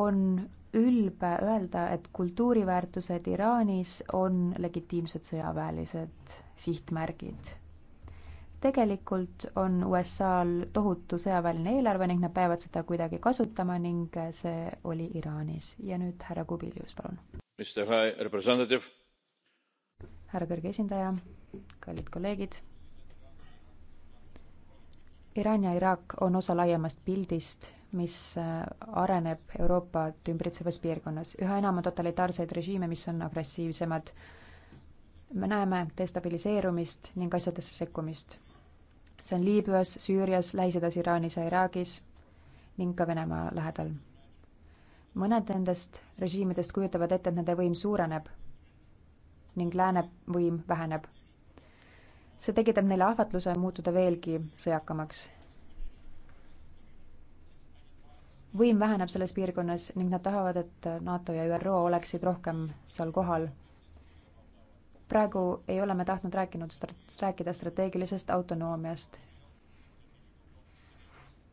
on ülbe öelda, et kultuuriväärtused Iraanis on legitiimsed sõjaväelised sihtmärgid. tegelikult on USA-l tohutu sõjaväeline eelarve ning nad peavad seda kuidagi kasutama ning see oli Iraanis. ja nüüd härra Kubilius, palun. härra kõrge esindaja, kallid kolleegid. Iraan ja Iraak on osa laiemast pildist mis äh, areneb Euroopat ümbritsevas piirkonnas. üha enam on totalitaarseid režiime, mis on agressiivsemad. me näeme destabiliseerumist ning asjadesse sekkumist. see on Liibüas, Süürias, Lähis-Idas, Iraanis ja Iraagis ning ka Venemaa lähedal. mõned nendest režiimidest kujutavad ette, et nende võim suureneb ning lääne võim väheneb. see tekitab neile ahvatluse muutuda veelgi sõjakamaks võim väheneb selles piirkonnas ning nad tahavad, et NATO ja ÜRO oleksid rohkem seal kohal. praegu ei ole me tahtnud rääkinud, rääkida strateegilisest autonoomiast.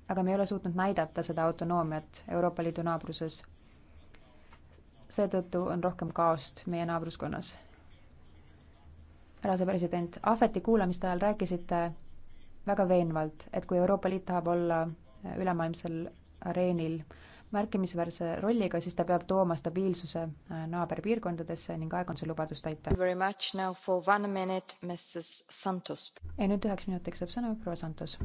aga me ei ole suutnud näidata seda autonoomiat Euroopa Liidu naabruses. seetõttu on rohkem kaost meie naabruskonnas. härra asepresident, ahveti kuulamiste ajal rääkisite väga veenvalt, et kui Euroopa Liit tahab olla ülemaailmsel areenil märkimisväärse rolliga, siis ta peab tooma stabiilsuse äh, naaberpiirkondadesse ning aeg on see lubadus täita. ja nüüd üheks minutiks saab sõna proua Santos.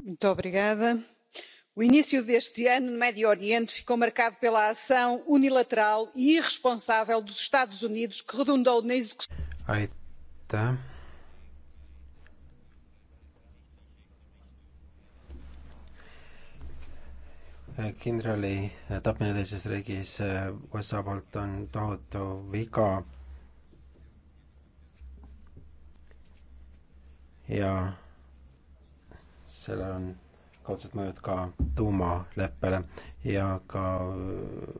O início deste ano no Médio Oriente ficou marcado pela ação unilateral e irresponsável dos Estados Unidos, que redundou na execução. Aitäh kindrali tapmine teises riigis eh, USA poolt on tohutu viga. ja sellel on kaudsed mõjud ka tuumaleppele ja ka eh,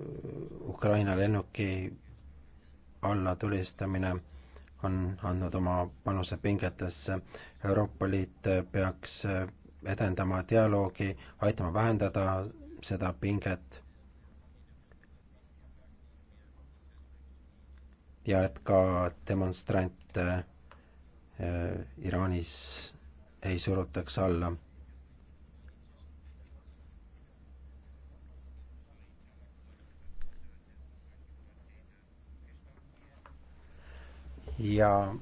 Ukraina lennuki allatulistamine on andnud oma panuse pingetesse. Euroopa Liit peaks eh, edendama dialoogi, aitama vähendada vähendab seda pinget. ja et ka demonstrante äh, Iraanis ei surutaks alla. ja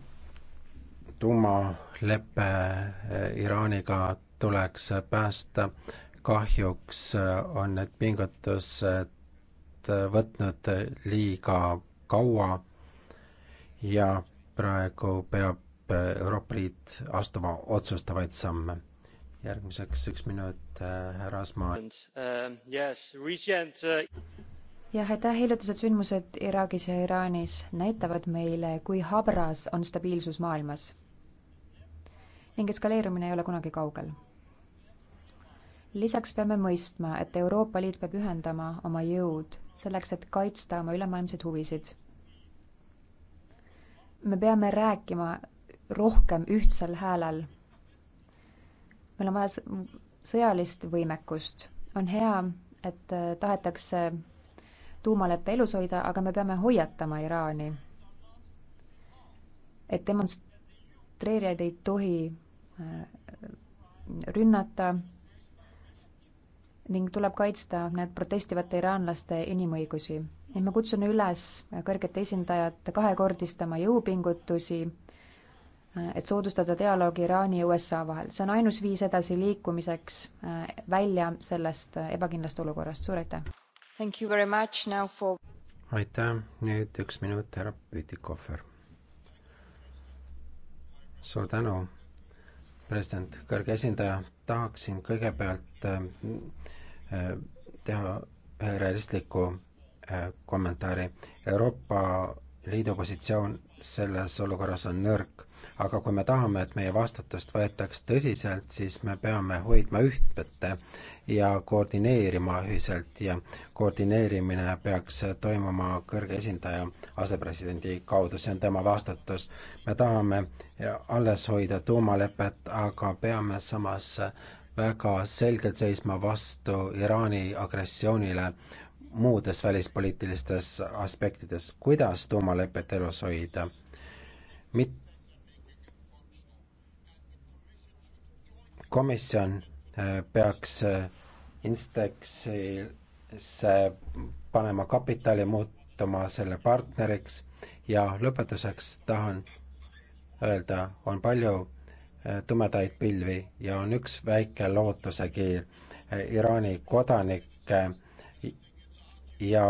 tuumalepe äh, Iraaniga tuleks päästa kahjuks äh, on need pingutused äh, võtnud liiga kaua ja praegu peab äh, Euroopa Liit astuma otsustavaid samme. järgmiseks üks minut härra Asma. Um, uh, jah, aitäh, hiljutised sündmused Iraagis ja Iraanis näitavad meile, kui habras on stabiilsus maailmas. ning eskaleerumine ei ole kunagi kaugel lisaks peame mõistma, et Euroopa Liit peab ühendama oma jõud selleks, et kaitsta oma ülemaailmseid huvisid. me peame rääkima rohkem ühtsel häälel. meil on vaja sõjalist võimekust. on hea, et äh, tahetakse tuumaleppe elus hoida, aga me peame hoiatama Iraani, et demonstreerijaid ei tohi äh, rünnata ning tuleb kaitsta need protestivate iraanlaste inimõigusi. ning ma kutsun üles kõrget esindajat kahekordistama jõupingutusi, et soodustada dialoogi Iraani ja USA vahel. see on ainus viis edasi liikumiseks äh, välja sellest ebakindlast olukorrast. suur aitäh! For... aitäh, nüüd üks minut, härra Pütikohver. suur tänu, president, kõrge esindaja, tahaksin kõigepealt äh, teha ühe realistliku äh, kommentaari. Euroopa Liidu positsioon selles olukorras on nõrk, aga kui me tahame, et meie vastutust võetaks tõsiselt, siis me peame hoidma ühtpõtte ja koordineerima ühiselt ja koordineerimine peaks toimuma kõrge esindaja asepresidendi kaudu, see on tema vastutus. me tahame alles hoida tuumalepet, aga peame samas väga selgelt seisma vastu Iraani agressioonile muudes välispoliitilistes aspektides. kuidas tuumalepet elus hoida? mit-, komisjon äh, peaks äh, Instexisse panema kapitali, muutuma selle partneriks ja lõpetuseks tahan öelda, on palju Äh, tumedaid pilvi ja on üks väike lootusekiir. Äh, Iraani kodanikke ja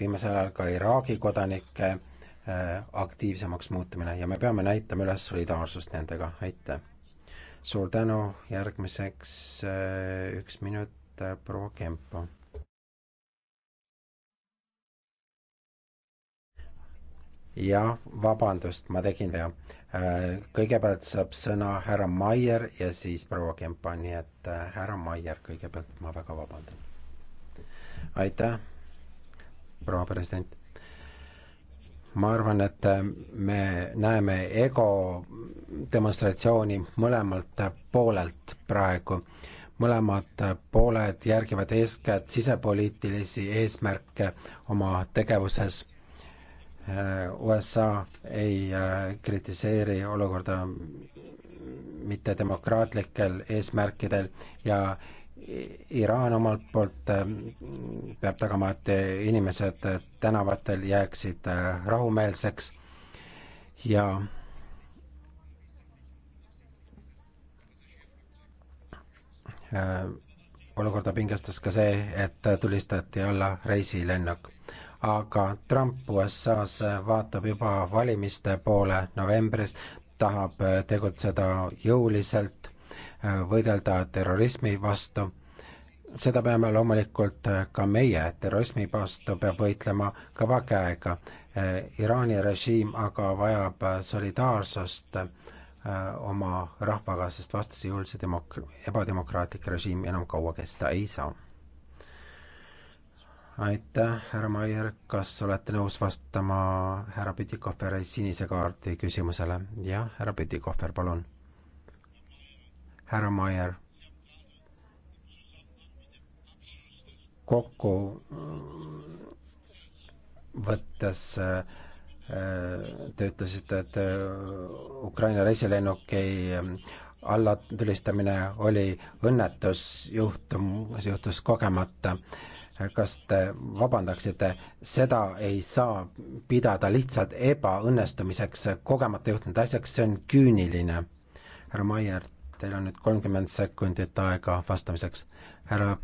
viimasel ajal ka Iraagi kodanikke äh, aktiivsemaks muutumine ja me peame näitama üles solidaarsust nendega, aitäh! suur tänu, järgmiseks üks minut proua Kempo jah, vabandust, ma tegin vea. Äh, kõigepealt saab sõna härra Maier ja siis proua Kempa, nii et äh, härra Maier kõigepealt, ma väga vabandan. aitäh, proua president. ma arvan, et äh, me näeme ego demonstratsiooni mõlemalt poolelt praegu mõlemad pooled järgivad eeskätt sisepoliitilisi eesmärke oma tegevuses USA ei äh, kritiseeri olukorda mittedemokraatlikel eesmärkidel ja Iraan omalt poolt äh, peab tagama, et inimesed tänavatel jääksid äh, rahumeelseks ja olukorda pingestas ka see, et tulistati alla reisilennuk aga Trump USA-s vaatab juba valimiste poole novembris, tahab tegutseda jõuliselt, võidelda terrorismi vastu. seda peame loomulikult ka meie, terrorismi vastu peab võitlema kõva käega. Iraani režiim aga vajab solidaarsust äh, oma rahvaga, sest vastasel juhul see demok-, ebademokraatlik režiim enam kaua kesta ei saa aitäh, härra Maier, kas olete nõus vastama härra Pütikoferi sinise kaardi küsimusele? jah, härra Pütikofer, palun. härra Maier. kokku mm, võttes äh, te ütlesite, et äh, Ukraina reisilennuk ei mm, allatulistamine oli õnnetusjuhtum, see juhtus kogemata kas te vabandaksite, seda ei saa pidada lihtsalt ebaõnnestumiseks, kogemata juhtunud asjaks, see on küüniline. härra Maier, teil on nüüd kolmkümmend sekundit aega vastamiseks. härra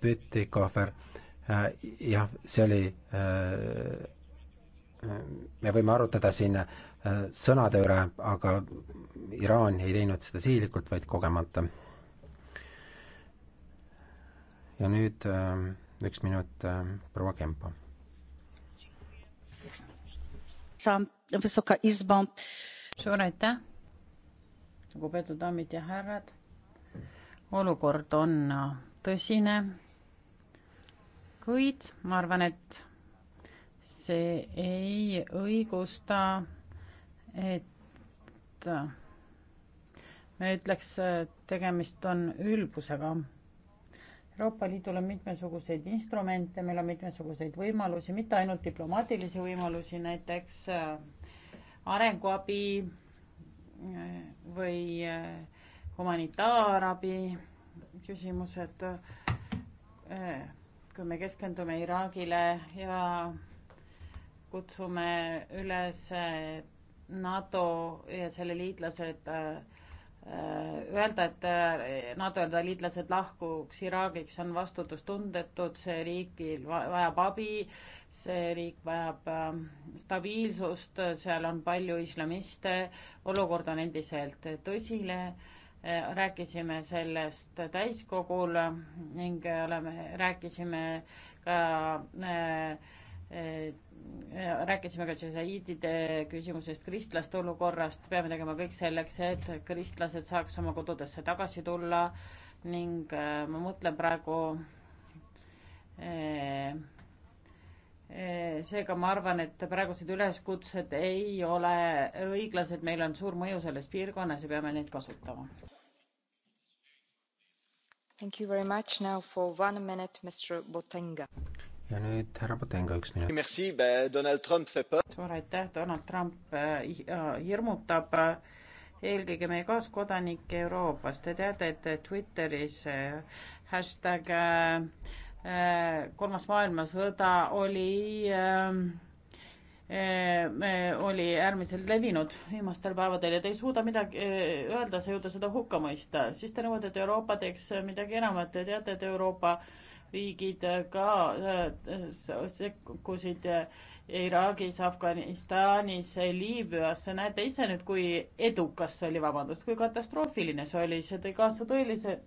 Pütikohver, äh, jah, see oli, äh, me võime arutada siin äh, sõnade üle, aga Iraan ei teinud seda sihilikult, vaid kogemata ja nüüd ähm, üks minut ähm, proua Kempa. suur aitäh, lugupeetud daamid ja härrad. olukord on äh, tõsine, kuid ma arvan, et see ei õigusta, et äh, me ütleks, äh, tegemist on ülbusega Euroopa Liidul on mitmesuguseid instrumente, meil on mitmesuguseid võimalusi, mitte ainult diplomaatilisi võimalusi, näiteks äh, arenguabi äh, või äh, humanitaarabi küsimused. kui me keskendume Iraagile ja kutsume üles NATO ja selle liitlased äh, Äh, öelda, et äh, NATO ja liitlased lahkuks Iraagiks on vastutustundetud, see riik vajab abi, see riik vajab äh, stabiilsust, seal on palju islamiste, olukord on endiselt tõsine rääkisime sellest täiskogul ning oleme, rääkisime ka äh, rääkisime ka džesaiidide küsimusest, kristlaste olukorrast, peame tegema kõik selleks, et kristlased saaks oma kodudesse tagasi tulla ning äh, ma mõtlen praegu äh, äh, seega ma arvan, et praegused üleskutsed ei ole õiglased, meil on suur mõju selles piirkonnas ja peame neid kasutama. Thank you very much now for one minute, Mr Botenga ja nüüd härra Potenga üks minut. suur aitäh, Donald Trump äh, äh, hirmutab äh, eelkõige meie kaaskodanikke Euroopas. Te teate, et Twitteris hashtag kolmas maailmasõda oli oli äärmiselt levinud viimastel päevadel ja te ei suuda midagi öelda, sa ei jõuda seda hukka mõista, siis te nõuate, et Euroopa teeks midagi enamat, te teate, et Euroopa äh, riigid äh, ka äh, sekkusid äh, Iraagis, Afganistanis, Liibüas, näete ise nüüd, kui edukas see oli, vabandust, kui katastroofiline see oli, see tõi kaasa tõelise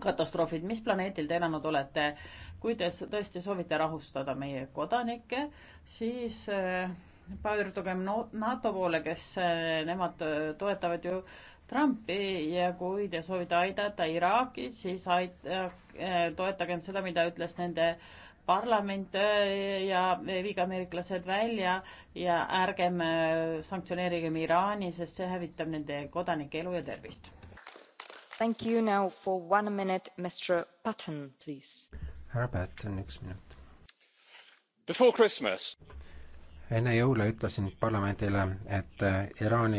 katastroofid, mis planeedil te elanud olete? kui te tõesti soovite rahustada meie kodanikke, siis pöördugem NATO poole, kes nemad toetavad ju Trumpi ja kui te soovite aidata Iraaki, siis ait-, äh, toetagem seda, mida ütles nende parlament äh, ja viige ameeriklased välja ja ärgem äh, sanktsioneerigem Iraani, sest see hävitab nende kodanike elu ja tervist. Thank you now for one minute, Mr Patten, please. härra Patten, üks minut. Before Christmas enne jõule ütlesin parlamendile, et äh, Iraani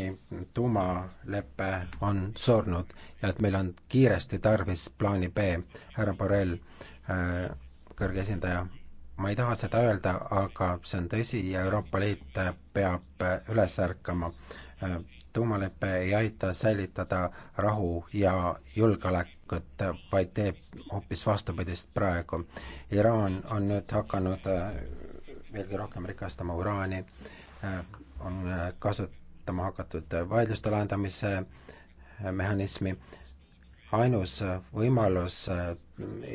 tuumalepe on surnud ja et meil on kiiresti tarvis plaani B. härra Borrell, äh, kõrge esindaja, ma ei taha seda öelda, aga see on tõsi ja Euroopa Liit peab äh, üles ärkama. tuumalepe ei aita säilitada rahu ja julgeolekut, vaid teeb hoopis vastupidist praegu. Iraan on nüüd hakanud veelgi rohkem rikastama uraani, äh, on äh, kasutama hakatud vaidluste lahendamise äh, mehhanismi, ainus võimalus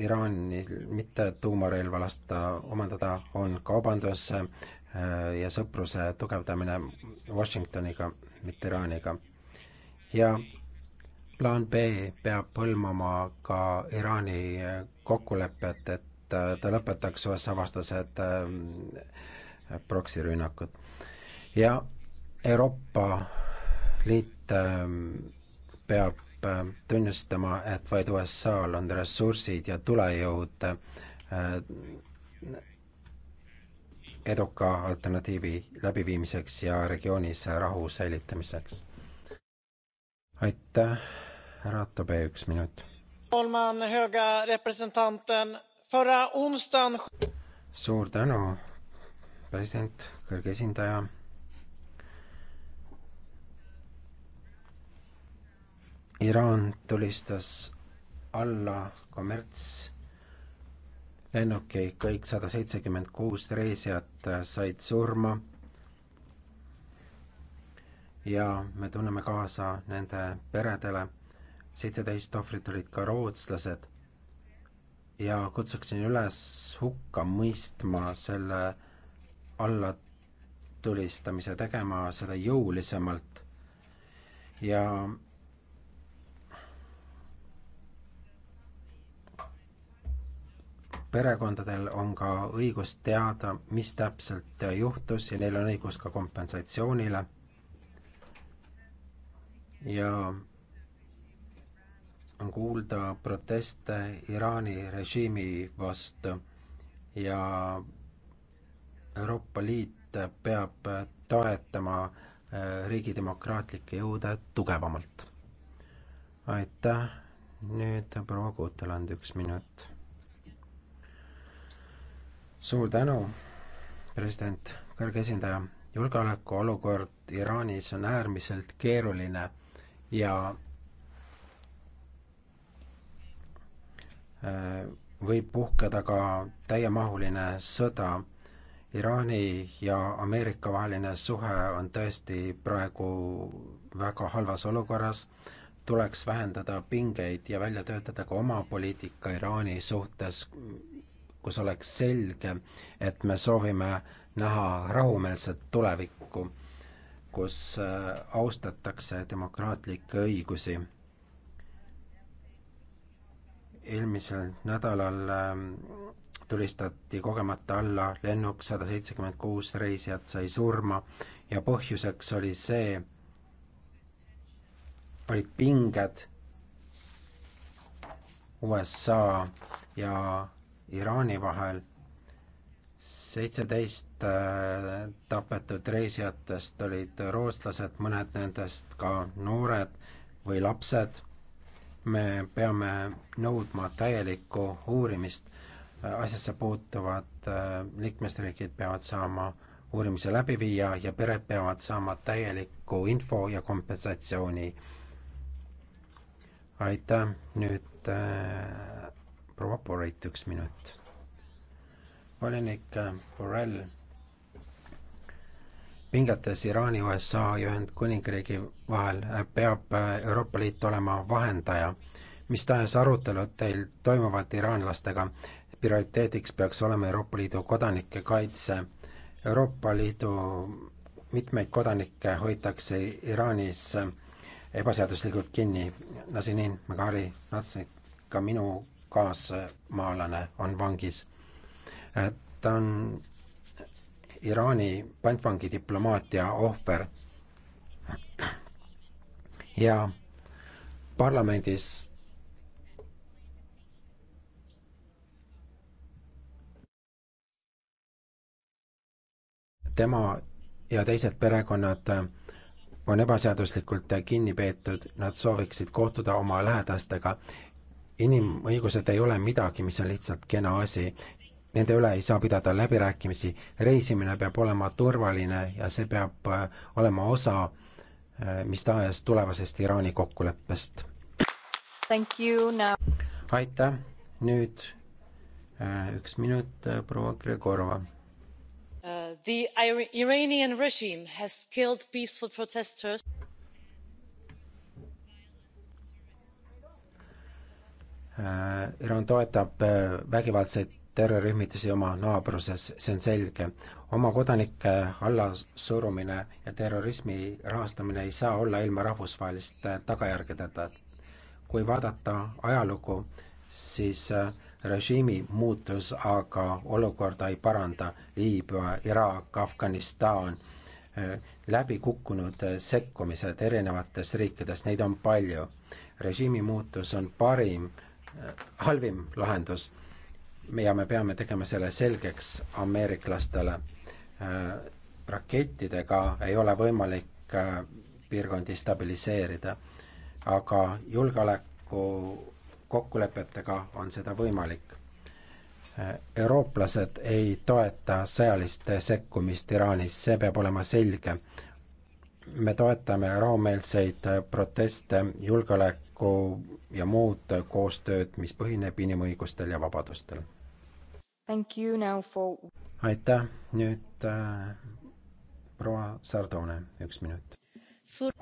Iraanil mitte tuumarelva lasta omandada on kaubandus ja sõpruse tugevdamine Washingtoniga, mitte Iraaniga. ja plaan B peab hõlmama ka Iraani kokkulepet, et et ta lõpetaks USA-vastased ähm, proksirünnakud. ja Euroopa Liit ähm, peab ähm, tunnistama, et vaid USA-l on ressursid ja tulejõud äh, eduka alternatiivi läbiviimiseks ja regioonis rahu säilitamiseks. aitäh, härra Tobe, üks minut. Förra onsdagen... suur tänu, president, kõrge esindaja. Iraan tulistas alla kommertslennuki, kõik sada seitsekümmend kuus reisijat said surma. ja me tunneme kaasa nende peredele, seitseteist ohvrit olid ka rootslased ja kutsuksin üles hukka mõistma selle allatulistamise, tegema seda jõulisemalt ja perekondadel on ka õigus teada, mis täpselt juhtus ja neil on õigus ka kompensatsioonile ja on kuulda proteste Iraani režiimi vastu ja Euroopa Liit peab toetama äh, riigi demokraatlikke jõude tugevamalt. aitäh, nüüd proua Kuuteland, üks minut. suur tänu, president, kõrge esindaja, julgeolekuolukord Iraanis on äärmiselt keeruline ja Äh, võib puhkeda ka täiemahuline sõda. Iraani ja Ameerika vaheline suhe on tõesti praegu väga halvas olukorras, tuleks vähendada pingeid ja välja töötada ka oma poliitika Iraani suhtes, kus oleks selge, et me soovime näha rahumeelset tulevikku, kus äh, austatakse demokraatlikke õigusi eelmisel nädalal ähm, tulistati kogemata alla lennuk, sada seitsekümmend kuus reisijat sai surma ja põhjuseks oli see, olid pinged USA ja Iraani vahel. seitseteist äh, tapetud reisijatest olid rootslased, mõned nendest ka noored või lapsed me peame nõudma täielikku uurimist, asjasse puutuvad äh, liikmesriigid peavad saama uurimise läbi viia ja pered peavad saama täielikku info ja kompensatsiooni. aitäh, nüüd äh, proua Borreit, üks minut. volinik äh, Borrell pingetes Iraani, USA ja Ühendkuningriigi vahel äh, peab äh, Euroopa Liit olema vahendaja. mis tahes arutelud teil toimuvad iraanlastega, prioriteediks peaks olema Euroopa Liidu kodanike kaitse. Euroopa Liidu mitmeid kodanikke hoitakse Iraanis äh, ebaseaduslikult kinni. Nasinin Megari Natsik, ka minu kaasmaalane, on vangis. ta on Iraani pantvangi diplomaatia ohver. ja parlamendis tema ja teised perekonnad on ebaseaduslikult kinni peetud, nad sooviksid kohtuda oma lähedastega. inimõigused ei ole midagi, mis on lihtsalt kena asi nende üle ei saa pidada läbirääkimisi, reisimine peab olema turvaline ja see peab äh, olema osa äh, mis tahes tulevasest Iraani kokkuleppest. aitäh, nüüd äh, üks minut, proua Gregorova. Uh, the Iranian regime has killed peaceful protesters. Iraan toetab vägivaldset terrorirühmitusi oma naabruses, see on selge. oma kodanike allasurumine ja terrorismi rahastamine ei saa olla ilma rahvusvaheliste tagajärgedeta. kui vaadata ajalugu, siis äh, režiimi muutus aga olukorda ei paranda. Liibüa, Iraak, Afganistan, äh, läbikukkunud äh, sekkumised erinevates riikides, neid on palju. režiimi muutus on parim, halvim lahendus ja me peame tegema selle selgeks ameeriklastele. Äh, rakettidega ei ole võimalik äh, piirkondi stabiliseerida, aga julgeoleku kokkulepetega on seda võimalik. Äh, eurooplased ei toeta sõjalist sekkumist Iraanis, see peab olema selge. me toetame rahumeelseid proteste, julgeoleku ja muud koostööd, mis põhineb inimõigustel ja vabadustel For... aitäh, nüüd äh, proua Sardone, üks minut Sur.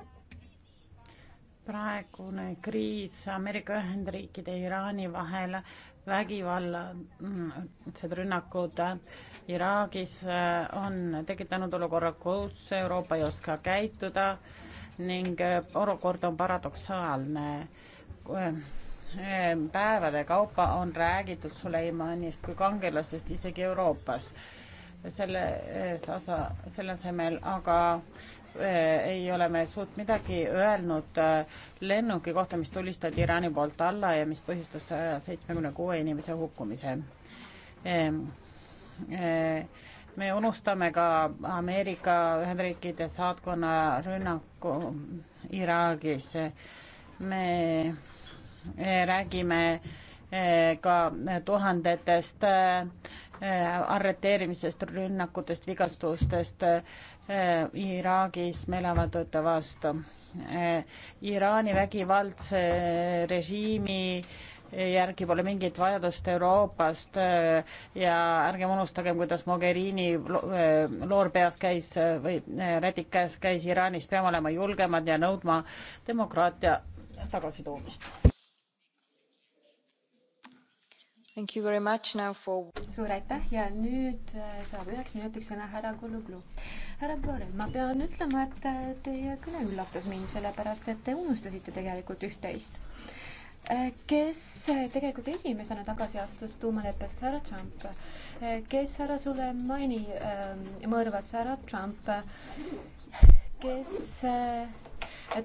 praegune kriis Ameerika Ühendriikide ja Iraani vahel, vägivallased mm, rünnakud Iraagis äh, on tekitanud olukorra, kus Euroopa ei oska käituda ning äh, olukord on paradoksaalne äh, Ehm, päevade kaupa on räägitud Suleimanist kui kangelasest isegi Euroopas. selle osa, eh, selle asemel aga eh, ei ole me suurt midagi öelnud eh, lennuki kohta, mis tulistati Iraani poolt alla ja mis põhjustas saja seitsmekümne kuue inimese hukkumise. Ehm, me unustame ka Ameerika Ühendriikide saatkonna rünnaku Iraagis. me räägime e, ka tuhandetest e, e, arreteerimisest, rünnakutest, vigastustest Iraagis meeleavaldajate vastu. Iraani vägivaldse režiimi järgi pole mingit vajadust Euroopast ja ärgem unustagem, kuidas Mogherini loor peas käis või rätik käes käis Iraanis, peame olema julgemad ja nõudma demokraatia tagasitoomist. For... suur aitäh ja nüüd äh, saab üheks minutiks sõna härra Kuluglu. härra Borel, ma pean ütlema, et äh, teie kõne üllatas mind, sellepärast et te unustasite tegelikult üht-teist. Äh, kes tegelikult esimesena tagasi astus tuumaleppest, härra Trump, kes härra Sulemani ähm, mõrvas, härra Trump, kes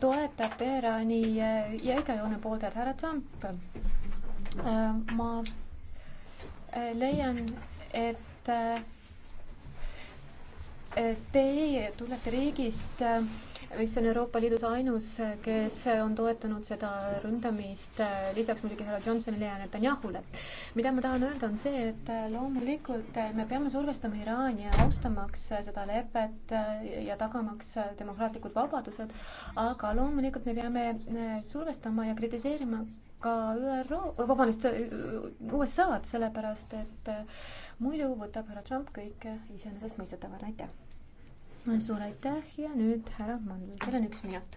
toetab Teherani jäigajoone pooldajat, härra Trump. ma leian, et teie tulete riigist, mis on Euroopa Liidus ainus, kes on toetanud seda ründamist, lisaks muidugi härra Johnsonile ja Netanyahule. mida ma tahan öelda, on see, et loomulikult me peame survestama Iraani ja austamaks seda lepet ja tagamaks demokraatlikud vabadused, aga loomulikult me peame survestama ja kritiseerima ka ÜRO, vabandust, USA-d, sellepärast et äh, muidu võtab härra Trump kõike äh, iseenesestmõistetavana, aitäh. suur aitäh ja nüüd härra Mandl, teil on üks minut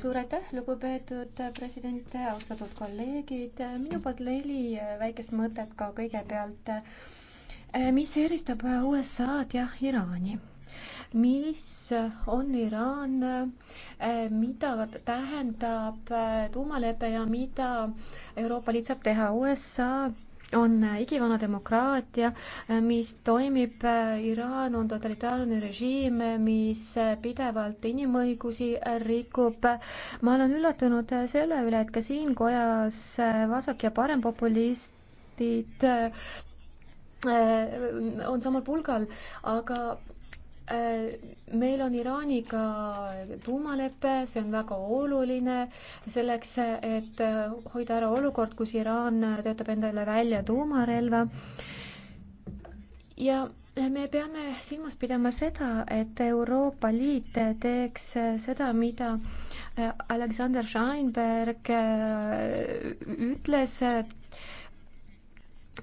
suur aitäh, lugupeetud president, austatud kolleegid, minu poolt neli äh, väikest mõtet ka kõigepealt. mis eristab USA-d ja Iraani? mis on Iraan, eh, mida tähendab eh, tuumalepe ja mida Euroopa Liit saab teha. USA on eh, igivana demokraatia, mis toimib, Iraan on totalitaarne režiim, mis pidevalt inimõigusi rikub. ma olen üllatunud selle üle, et ka siin kojas vasak- ja parempopulistid on samal pulgal, aga meil on Iraaniga tuumalepe, see on väga oluline selleks, et hoida ära olukord, kus Iraan töötab endale välja tuumarelva. ja me peame silmas pidama seda, et Euroopa Liit teeks seda, mida Alexander Scheinberg ütles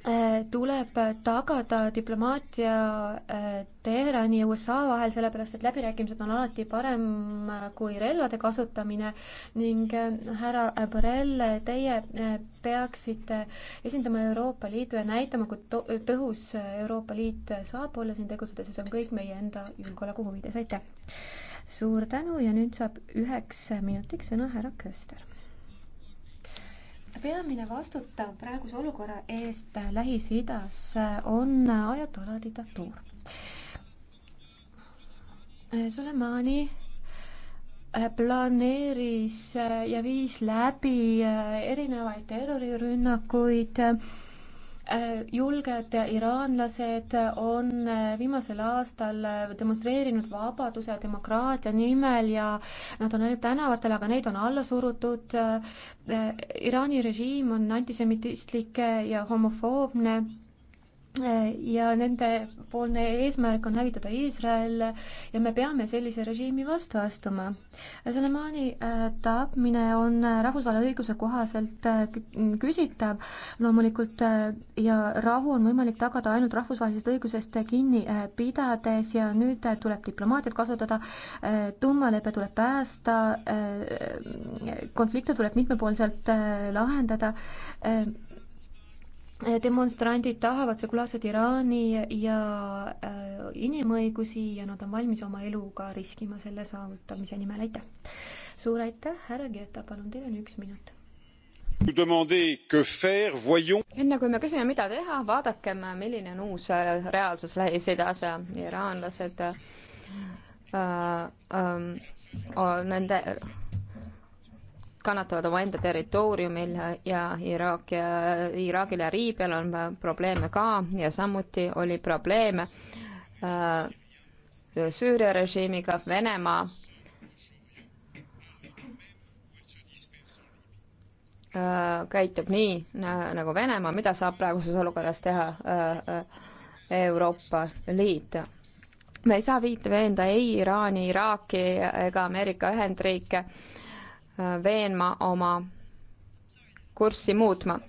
Äh, tuleb tagada diplomaatia äh, Teherani ja USA vahel, sellepärast et läbirääkimised on alati parem äh, kui relvade kasutamine ning härra Borrell, teie peaksite esindama Euroopa Liitu ja näitama, kui tõhus Euroopa Liit saab olla siin tegutsedes ja see on kõik meie enda julgeoleku huvides, aitäh! suur tänu ja nüüd saab üheks minutiks sõna härra Köster peamine vastutav praeguse olukorra eest Lähis-Idas on ajatolla diktatuur. Soleimani äh, planeeris äh, ja viis läbi äh, erinevaid terrorirünnakuid Äh, julged iraanlased on äh, viimasel aastal äh, demonstreerinud vabaduse ja demokraatia nimel ja nad on ainult tänavatel, aga neid on alla surutud. Iraani režiim on antisemitistlik ja homofoobne ja nende poolne eesmärk on hävitada Iisrael ja me peame sellise režiimi vastu astuma. Soleimani äh, tapmine on äh, rahvusvahelise õiguse kohaselt äh, küsitav loomulikult ja rahu on võimalik tagada ainult rahvusvahelisest õigusest kinni pidades ja nüüd tuleb diplomaatiat kasutada, tuumalepe tuleb päästa, konflikte tuleb mitmepoolselt lahendada demonstrandid tahavad sekulaarset Iraani ja äh, inimõigusi ja nad on valmis oma eluga riskima selle saavutamise nimel, aitäh! suur aitäh, härra Geta, palun, teil on üks minut. enne kui me küsime, mida teha, vaadakem, milline on uus äh, reaalsus Lähis-Idas, iraanlased äh,, äh, ähm, nende kannatavad omaenda territooriumil ja Iraak ja Iraagil ja Liibüal on äh, probleeme ka ja samuti oli probleeme äh, Süüria režiimiga, Venemaa äh, käitub nii nagu Venemaa, mida saab praeguses olukorras teha äh, äh, Euroopa Liit me ei saa viita veenda ei Iraani, Iraaki ega Ameerika Ühendriike äh, veenma oma kurssi muutma.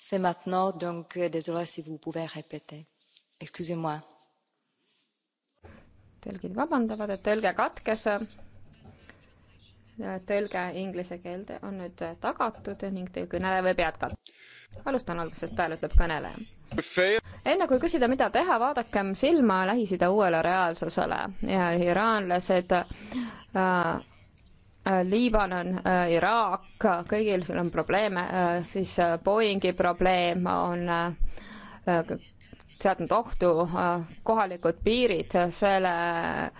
C'est maintenant, donc désolé si vous pouvez répéter. Excusez-moi. tõlgid vabandavad, et tõlge katkes tõlge inglise keelde on nüüd tagatud ning teie kõneleja võib jätkata. alustan algusest peale, ütleb kõneleja. enne kui küsida, mida teha, vaadakem silma Lähis-Ida uuele reaalsusele ja iraanlased äh, äh Liibanon, äh, Iraak, kõigil seal on probleeme, äh, siis Boeingi probleem on seadnud ohtu kohalikud piirid, selle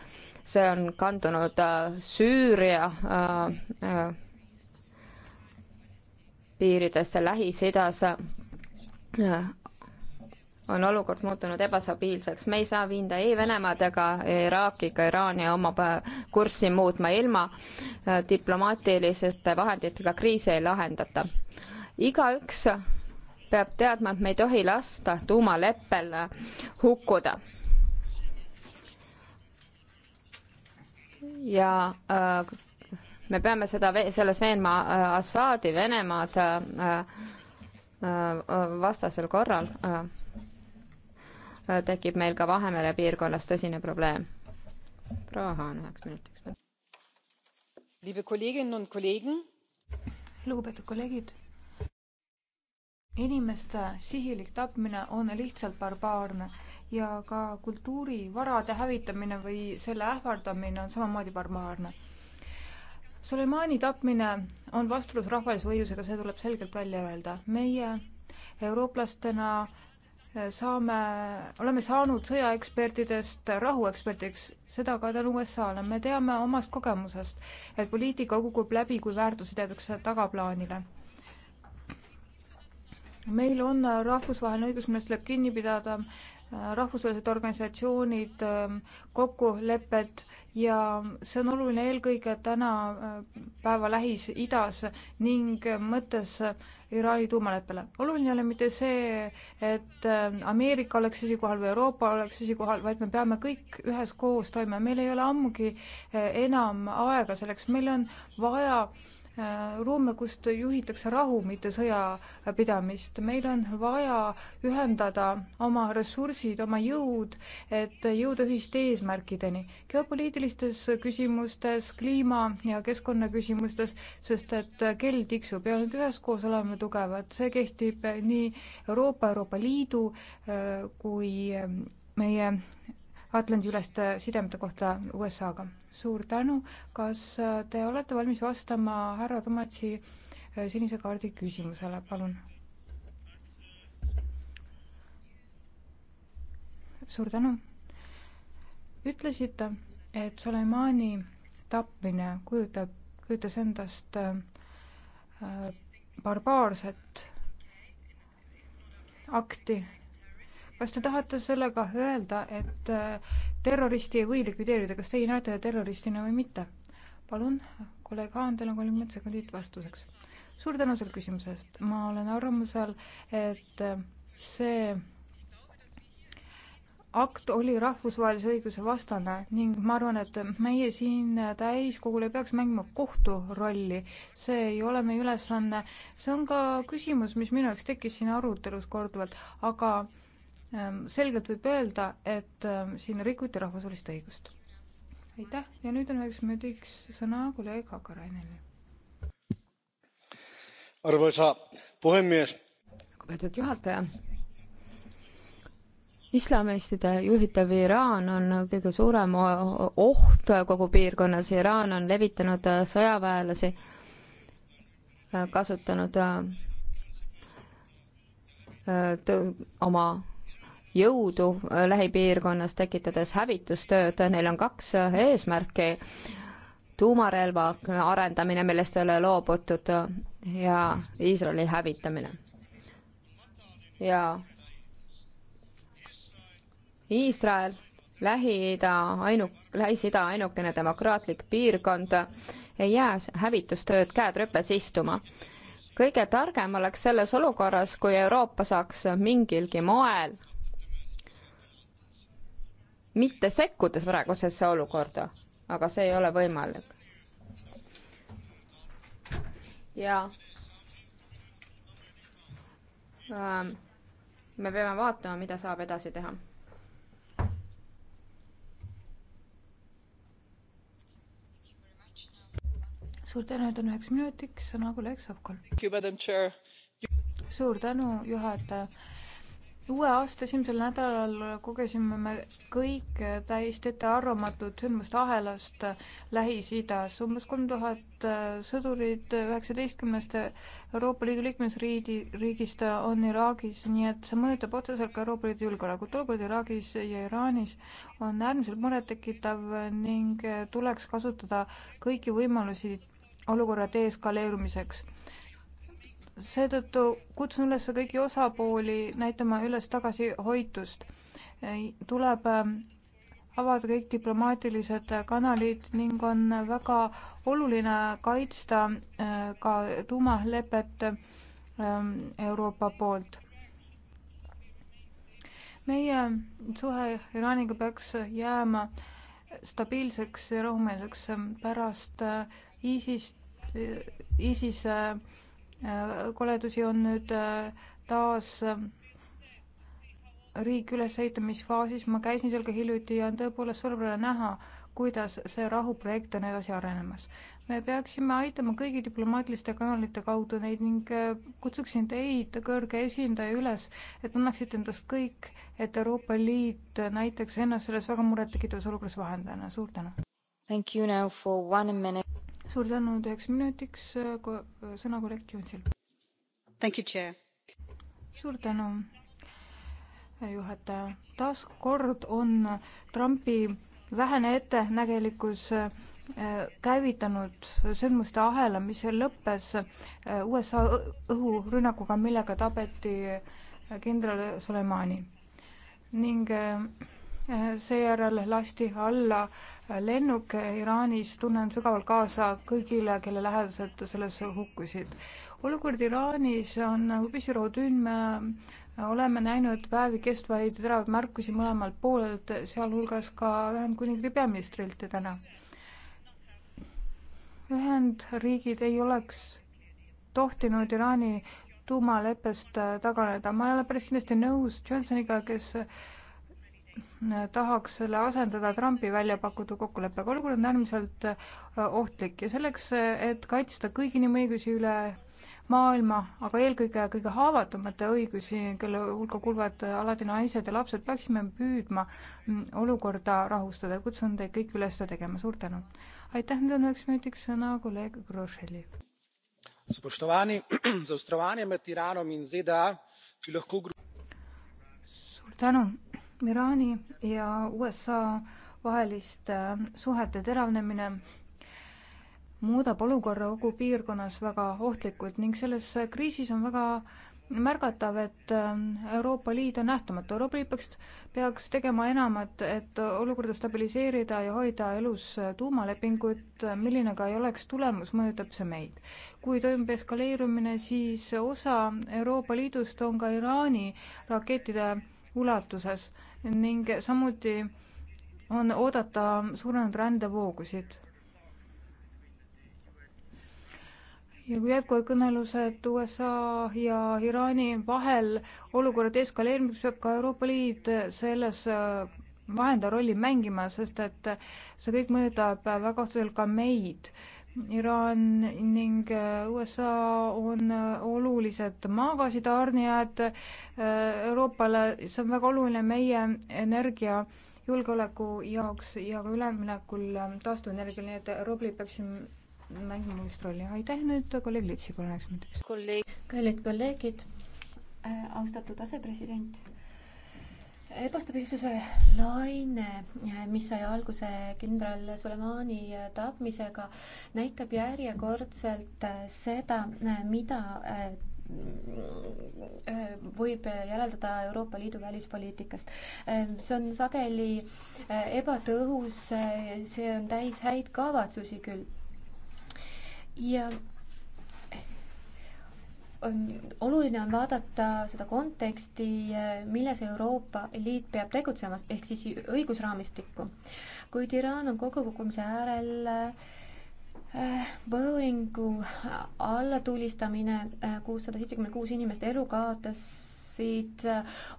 see on kandunud äh, Süüria äh, äh, piiridesse Lähis-Idas on olukord muutunud ebastabiilseks. me ei saa viinda ei Venemaad ega Iraaki ega Iraani oma kurssi muutma ilma diplomaatiliste vahenditega kriise ei lahendata. igaüks peab teadma, et me ei tohi lasta tuumaleppel hukkuda ja äh, me peame seda, selles veenma äh, Assaadi Venemaad äh, vastasel korral tekib meil ka Vahemere piirkonnas tõsine probleem. proua Haan üheks minutiks. lugupeetud kolleegid. inimeste sihilik tapmine on lihtsalt barbaarne ja ka kultuurivarade hävitamine või selle ähvardamine on samamoodi barbaarne. Soleimani tapmine on vastuolus rahvalise õigusega, see tuleb selgelt välja öelda. meie eurooplastena eh, saame, oleme saanud sõjaekspertidest rahueksperdiks, seda ka tänu USA-le. me teame omast kogemusest, et poliitika kukub läbi, kui väärtused jäetakse tagaplaanile. meil on rahvusvaheline õigus, millest tuleb kinni pidada, rahvusvahelised organisatsioonid, ähm, kokkulepped ja see on oluline eelkõige tänapäeva äh, Lähis-Idas ning mõttes Iraani tuumaleppele. oluline ei ole mitte see, et ähm, Ameerika oleks esikohal või Euroopa oleks esikohal, vaid me peame kõik üheskoos toimima, meil ei ole ammugi äh, enam aega selleks, meil on vaja äh, Äh, ruume, kust juhitakse rahu, mitte sõjapidamist. meil on vaja ühendada oma ressursid, oma jõud, et jõuda ühiste eesmärkideni. geopoliitilistes küsimustes, kliima ja keskkonnaküsimustes, sest et kell tiksub ja nüüd üheskoos oleme tugevad. see kehtib nii Euroopa, Euroopa Liidu äh, kui äh, meie Atlandi-üleste sidemete kohta USA-ga. suur tänu, kas äh, te olete valmis vastama härra Tomatsi äh, sinise kaardi küsimusele, palun? suur tänu. ütlesite, et Soleimani tapmine kujutab, kujutas endast äh, äh barbaarset akti kas te tahate sellega öelda, et äh, terroristi ei või likvideerida, kas teie näete terroristina või mitte? palun, kolleeg Haan, teil on kolmkümmend sekundit vastuseks. suur tänu selle küsimuse eest, ma olen arvamusel, et äh, see akt oli rahvusvahelise õiguse vastane ning ma arvan, et meie siin täiskogul ei peaks mängima kohtu rolli. see ei ole meie ülesanne, see on ka küsimus, mis minu jaoks tekkis siin arutelus korduvalt, aga Ehm, selgelt võib öelda, et ehm, siin rikuti rahvusvahelist õigust. aitäh ja nüüd on üheks minutiks sõna kolleeg Hakarainenile. arvoisa puhemies. lugupeetud juhataja islamistide juhitav Iraan on kõige suurem oht kogu piirkonnas, Iraan on levitanud äh, sõjaväelasi, äh, kasutanud äh, oma jõudu äh, lähipiirkonnas, tekitades hävitustööd, neil on kaks äh, eesmärki, tuumarelva arendamine, millest ei ole loobutud, äh, ja Iisraeli hävitamine. ja Iisrael Lähi-Ida ainu-, Lähis-Ida ainukene demokraatlik piirkond ei jää hävitustööd käed rüpes istuma. kõige targem oleks selles olukorras, kui Euroopa saaks mingilgi moel mitte sekkudes praegusesse olukorda, aga see ei ole võimalik. ja ähm, me peame vaatama, mida saab edasi teha. suur tänu, et on üheks minutiks sõna kolleeg Sokol. suur tänu, juhataja uue aasta esimesel nädalal kogesime me kõik täiesti ettearvamatut sündmuste ahelast Lähis-Idas. umbes kolm tuhat sõdurit üheksateistkümnest Euroopa Liidu liikmesriigi, riigist on Iraagis, nii et see mõjutab otseselt ka Euroopa Liidu julgeolekut. olukord Iraagis ja Iraanis on äärmiselt murettekitav ning tuleks kasutada kõiki võimalusi olukorra deeskaleerumiseks seetõttu kutsun üles kõiki osapooli näitama üles tagasihoitust. tuleb ähm, avada kõik diplomaatilised kanalid ning on väga oluline kaitsta äh, ka tuumalepet ähm, Euroopa poolt. meie suhe Iraaniga peaks jääma stabiilseks ja rahumeelseks ähm, pärast äh, ISIS, ISISe äh, äh Äh, koledusi on nüüd äh, taas äh, riik ülesehitamisfaasis, ma käisin seal ka hiljuti ja on tõepoolest suurepärane näha, kuidas see rahuprojekt on edasi arenemas. me peaksime aitama kõigi diplomaatiliste kanalite kaudu neid ning kutsuksin teid, kõrge esindaja, üles, et annaksite endast kõik, et Euroopa Liit näitaks ennast selles väga murettekitavas olukorras vahendajana. suur tänu! suur tänu üheks minutiks äh, ko, sõna kolleeg Jonesil. suur tänu, äh, juhataja. taaskord on Trumpi vähene ettenägelikkus äh, käivitanud sündmuste ahela, mis lõppes USA õhurünnakuga, millega tapeti kindral Soleimani ning seejärel lasti alla lennuk Iraanis, tunnen sügavalt kaasa kõigile, kelle lähedased selles hukkusid. olukord Iraanis on nagu püsirohutünn, me oleme näinud päevi kestvaid teravaid märkusi mõlemalt poolelt, sealhulgas ka Ühendkuningriigi peaministrilt täna. Ühendriigid ei oleks tohtinud Iraani tuumaleppest taganeda, ma ei ole päris kindlasti nõus Johnsoniga, kes tahaks selle asendada Trumpi välja pakutud kokkuleppega. olukord on äärmiselt äh, ohtlik ja selleks, et kaitsta kõigi inimõigusi üle maailma, aga eelkõige kõige haavatumate õigusi, kelle hulka kuuluvad alati naised ja lapsed, peaksime püüdma mm, olukorda rahustada. kutsun teid kõiki üles seda tegema, suur tänu. aitäh, nüüd on üheks minutiks sõna kolleeg Grošeli. suur tänu Iraani ja USA vaheliste suhete teravnemine muudab olukorra kogu piirkonnas väga ohtlikult ning selles kriisis on väga märgatav, et äh, Euroopa Liit on nähtamatu. Euroopa Liit peaks, peaks tegema enamat, et olukorda stabiliseerida ja hoida elus äh, tuumalepingut, äh, milline ka ei oleks tulemus, mõjutab see meid. kui toimub eskaleerumine, siis osa Euroopa Liidust on ka Iraani rakettide ulatuses ning samuti on oodata suurenenud rändevoogusid. ja kui jätkuvad kõnelused USA ja Iraani vahel olukorrad eskaleerimiseks, peab ka Euroopa Liit selles äh, vahendaja rolli mängima, sest et see kõik mõjutab väga otseselt ka meid Iraan ning äh, USA on äh, olulised maagaasitarnijad äh, Euroopale, see on väga oluline meie energiajulgeoleku jaoks ja ka üleminekul taastuvenergiale, nii et Euroopa Liit peaks siin mängima olulist rolli. aitäh nüüd kolleeg Litsi, palun üheks minutiks. kallid kolleegid, austatud asepresident ebastabiilsuse laine, mis sai alguse kindral Sulemani tapmisega, näitab järjekordselt äh, seda, äh, mida äh, võib järeldada Euroopa Liidu välispoliitikast. Ähm, see on sageli ebatõhus, see on täis häid kavatsusi küll. ja on, oluline on vaadata seda konteksti, milles Euroopa Liit peab tegutsema, ehk siis õigusraamistikku. kuid Iraan on kokkukukkumise äärel äh, Boeingu allatulistamine, äh, kuussada seitsekümmend kuus inimest elu kaotas, siit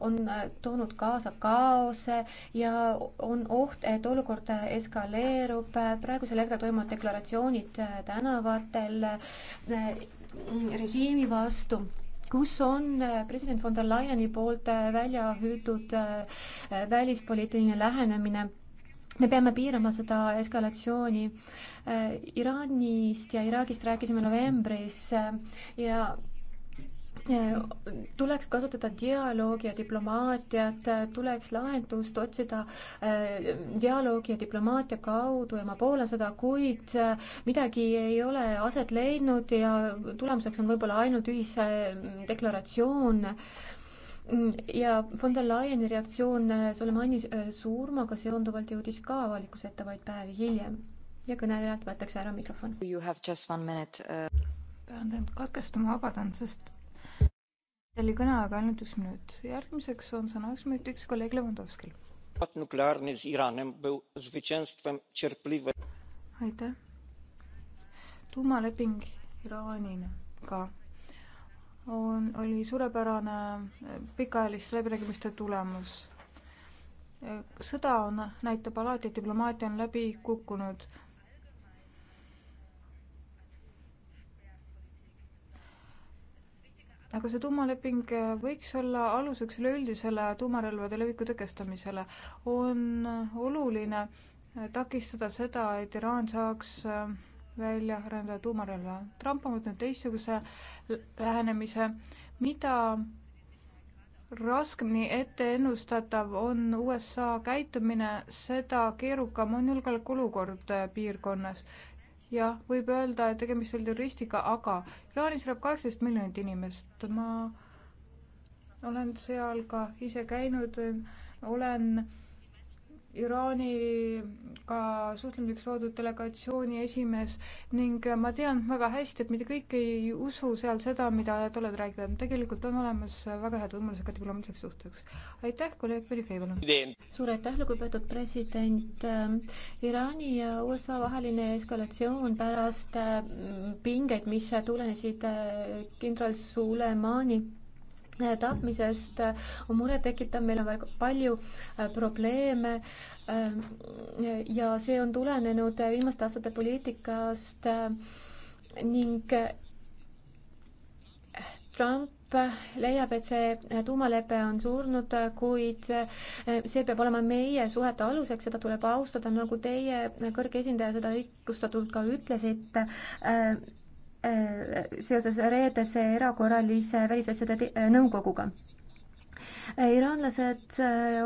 on äh, toonud kaasa kaose ja on oht, et olukord eskaleerub. praegusel hetkel toimuvad deklaratsioonid tänavatel režiimi vastu kus on äh, president von der Leyeni poolt äh, välja hüütud äh, välispoliitiline lähenemine. me peame piirama seda eskalatsiooni. Iraanist ja Iraagist rääkisime novembris ja tuleks kasutada dialoogi ja diplomaatiat, tuleks lahendust otsida äh, dialoogi ja diplomaatia kaudu ja ma poolan seda, kuid äh, midagi ei ole aset leidnud ja tulemuseks on võib-olla ainult ühisdeklaratsioon äh, ja von der Leyeni reaktsioon Soleimani surmaga seonduvalt jõudis ka avalikkuse ette vaid päevi hiljem ja kõnelejalt võetakse ära mikrofon. pean teid katkestama, vabandan, sest Teil oli kõneaega ainult üks minut. järgmiseks on sõna üks minut üks kolleeg Levandovskil. aitäh. tuumaleping Iraaniga on, oli suurepärane eh, pikaajaliste läbirääkimiste tulemus eh, sõda on, näitab alati, et diplomaatia on läbi kukkunud. aga see tuumaleping võiks olla aluseks üleüldisele tuumarelvade leviku tõkestamisele. on oluline takistada seda, et Iraan saaks välja arendada tuumarelva. Trump on võtnud teistsuguse lähenemise, mida raskemini etteennustatav on USA käitumine, seda keerukam on julgeolekuolukord piirkonnas ja võib öelda, et tegemist oli terroristiga, aga Iraanis elab kaheksateist miljonit inimest. ma olen seal ka ise käinud, olen Iraaniga suhtlemiseks loodud delegatsiooni esimees ning ma tean väga hästi, et mitte kõik ei usu seal seda, mida tolled räägivad. tegelikult on olemas väga head võimalused ka diplomaatiliseks suhtluseks. aitäh, kolleeg Veli Feivel! suur aitäh, lugupeetud president! Iraani ja USA vaheline eskalatsioon pärast pingeid, mis tulenesid äh, kindral Suleimani tapmisest on murettekitav, meil on väga palju äh, probleeme äh, ja see on tulenenud äh, viimaste aastate poliitikast ning Trump leiab, et see tuumalepe on surnud, kuid see peab olema meie suhete aluseks, seda tuleb austada, nagu teie kõrge esindaja seda õigustatult ka ütlesite Äh, seoses reedese erakorralise välisasjade äh, nõukoguga. Äh, iraanlased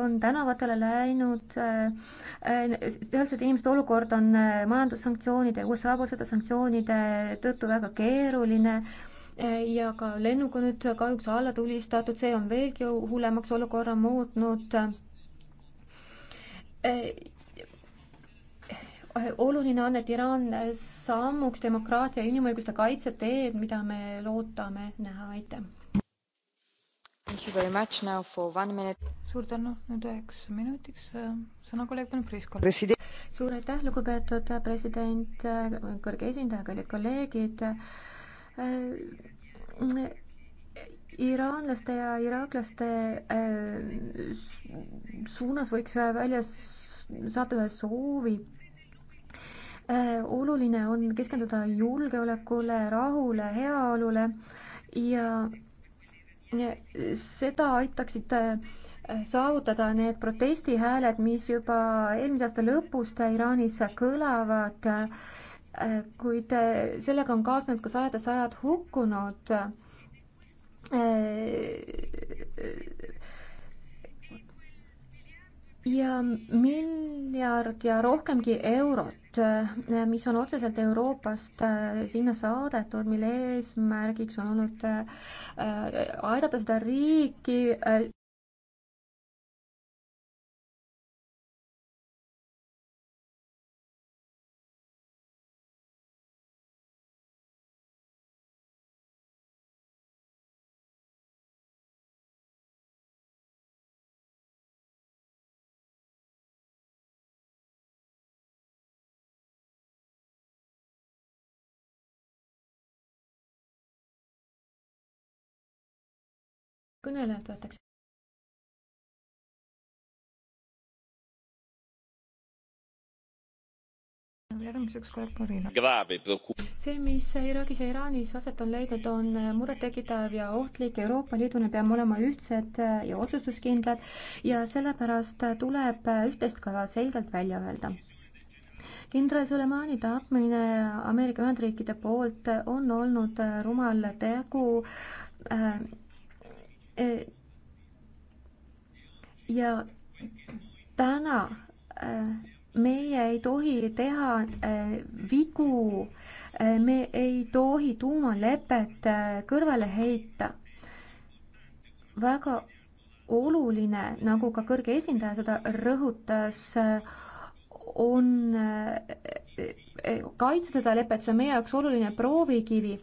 on tänavatele läinud, sealsete inimeste olukord on majandussanktsioonide, USA poolsete sanktsioonide tõttu väga keeruline ja ka lennuk on nüüd kahjuks alla tulistatud, see on veelgi hullemaks olukorra muutnud oluline on, et Iraan sammuks demokraatia ja inimõiguste kaitse teed, mida me loodame näha, aitäh. suur tänu, nüüd üheks minutiks äh, sõna kolleeg Bonfrisco. suur aitäh, lugupeetud äh, president, äh, kõrge esindaja, kallid kolleegid. iraanlaste ja iraaklaste suunas võiks välja saata ühe soovi Äh, oluline on keskenduda julgeolekule, rahule, heaolule ja seda aitaksid äh, saavutada need protestihääled, mis juba eelmise aasta lõpust Iraanis kõlavad, äh, kuid sellega on kaasnenud ka sajad ja sajad hukkunud ja miljard ja rohkemgi eurot Äh, mis on otseselt Euroopast äh, sinna saadetud, mille eesmärgiks on olnud äh, aidata seda riiki kõnelejalt järgmiseks tuleb Marina. see, mis Iraagis ja Iraanis aset on leidnud, on murettekitav ja ohtlik. Euroopa Liiduna peame olema ühtsed ja otsustuskindlad ja sellepärast tuleb üht-teist ka selgelt välja öelda. kindral Soleimani tapmine Ameerika Ühendriikide poolt on olnud rumal tegu äh, Äh, ja täna äh, meie ei tohi teha äh, vigu, me ei tohi tuumalepet kõrvale heita. väga oluline, nagu ka kõrge esindaja seda rõhutas, on eh, kaitsta seda lepet, see on meie jaoks oluline proovikivi.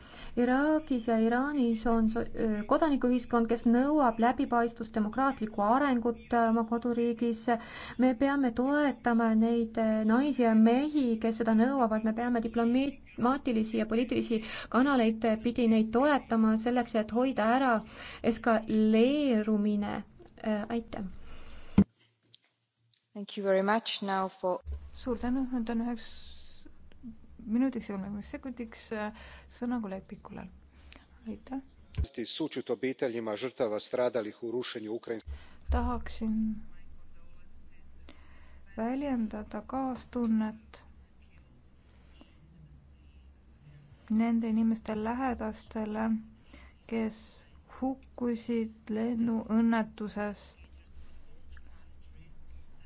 Iraagis ja Iraanis on eh, kodanikuühiskond, kes nõuab läbipaistvust, demokraatlikku arengut eh, oma koduriigis. me peame toetama neid naisi ja mehi, kes seda nõuavad, me peame diplomaatilisi ja poliitilisi kanaleid pidi neid toetama selleks, et hoida ära eskaleerumine. aitäh! For... suur tänu, nüüd on üheks minutiks ja kolmekümneks sekundiks äh, sõna kolleeg Pikulal. aitäh. tahaksin väljendada kaastunnet nende inimeste lähedastele, kes hukkusid lennuõnnetuses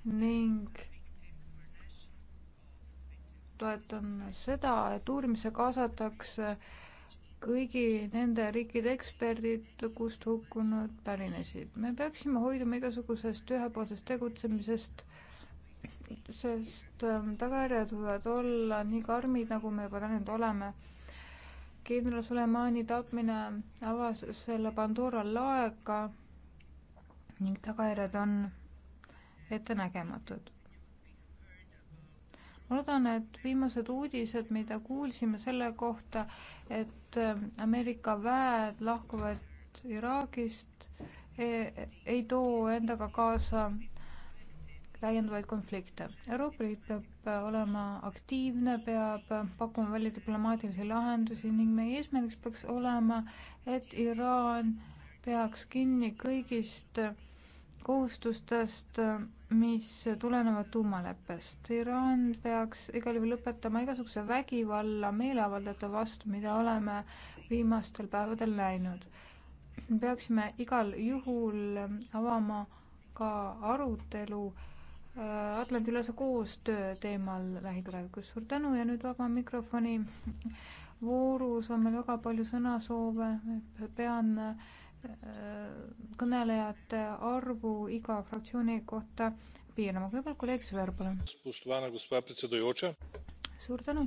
ning toetan seda, et uurimisse kaasatakse kõigi nende riikide eksperdid, kust hukkunud pärinesid. me peaksime hoiduma igasugusest ühepoolsest tegutsemisest, sest ähm, tagajärjed võivad olla nii karmid, nagu me juba näinud oleme. kindral Sulemani tapmine avas selle Pandora laeka ning tagajärjed on ettenägematud. ma loodan, et viimased uudised, mida kuulsime selle kohta, et ähm, Ameerika väed lahkuvad Iraagist, e, ei too endaga kaasa täiendavaid konflikte. Euroopa Liit peab äh, olema aktiivne, peab äh, pakkuma välja diplomaatilisi lahendusi ning meie eesmärgiks peaks olema, et Iraan peaks kinni kõigist äh, kohustustest mis tulenevad tuumaleppest. Iraan peaks igal juhul lõpetama igasuguse vägivalla meeleavaldajate vastu, mida oleme viimastel päevadel näinud. peaksime igal juhul avama ka arutelu äh, Atlandi-ülese koostöö teemal lähitulevikus. suur tänu ja nüüd vaba mikrofoni voorus on meil väga palju sõnasoove, pean äh, kõnelejate arvu iga fraktsiooni kohta piirama. kõigepealt kolleeg Sõber, palun. suur tänu,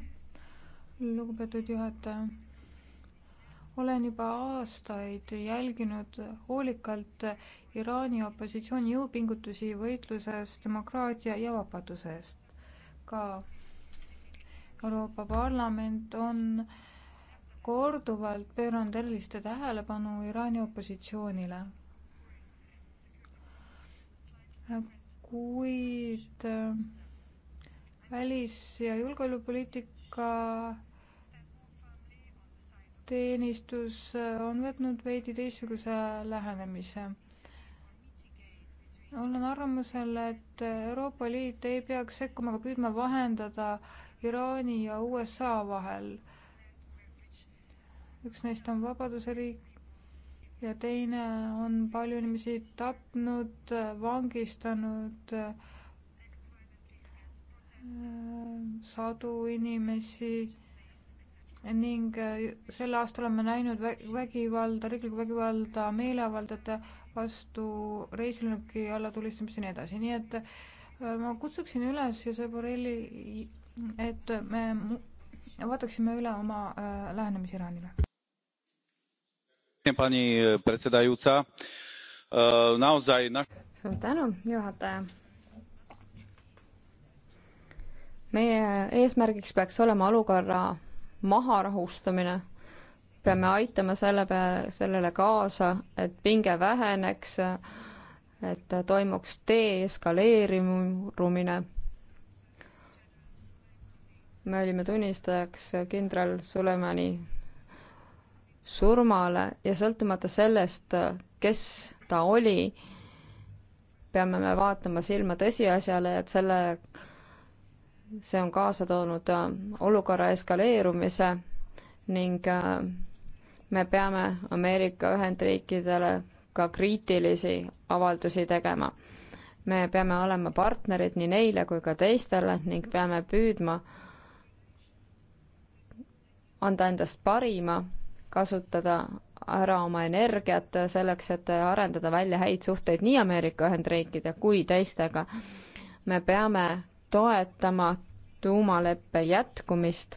lugupeetud juhataja. olen juba aastaid jälginud hoolikalt Iraani opositsiooni jõupingutusi võitluses demokraatia ja vabaduse eest. ka Euroopa Parlament on äh, korduvalt pööranud erilist tähelepanu Iraani opositsioonile. kuid äh, välis- ja julgeolekupoliitika teenistus äh, on võtnud veidi teistsuguse lähenemise. olen arvamusel, et Euroopa Liit ei peaks sekkuma, aga püüdma vahendada Iraani ja USA vahel üks neist on Vabaduse riik ja teine on palju inimesi tapnud, vangistanud sadu inimesi ning äh, sel aastal oleme näinud vägivalda, riiklikku vägivalda meeleavaldajate vastu, reisilennuki allatulistamist ja nii edasi, nii et äh, ma kutsuksin üles Josep Borrelli, et me vaataksime üle oma äh, lähenemise Iraanile. E, e, suur tänu, juhataja. meie eesmärgiks peaks olema olukorra maharahustamine peame aitama selle peale, sellele kaasa, et pinge väheneks, et toimuks deeskaleerumine. me olime tunnistajaks kindral Sulemani surmale ja sõltumata sellest, kes ta oli, peame me vaatama silma tõsiasjale, et selle, see on kaasa toonud äh, olukorra eskaleerumise ning äh, me peame Ameerika Ühendriikidele ka kriitilisi avaldusi tegema. me peame olema partnerid nii neile kui ka teistele ning peame püüdma anda endast parima kasutada ära oma energiat selleks, et arendada välja häid suhteid nii Ameerika Ühendriikide kui teistega. me peame toetama tuumaleppe jätkumist,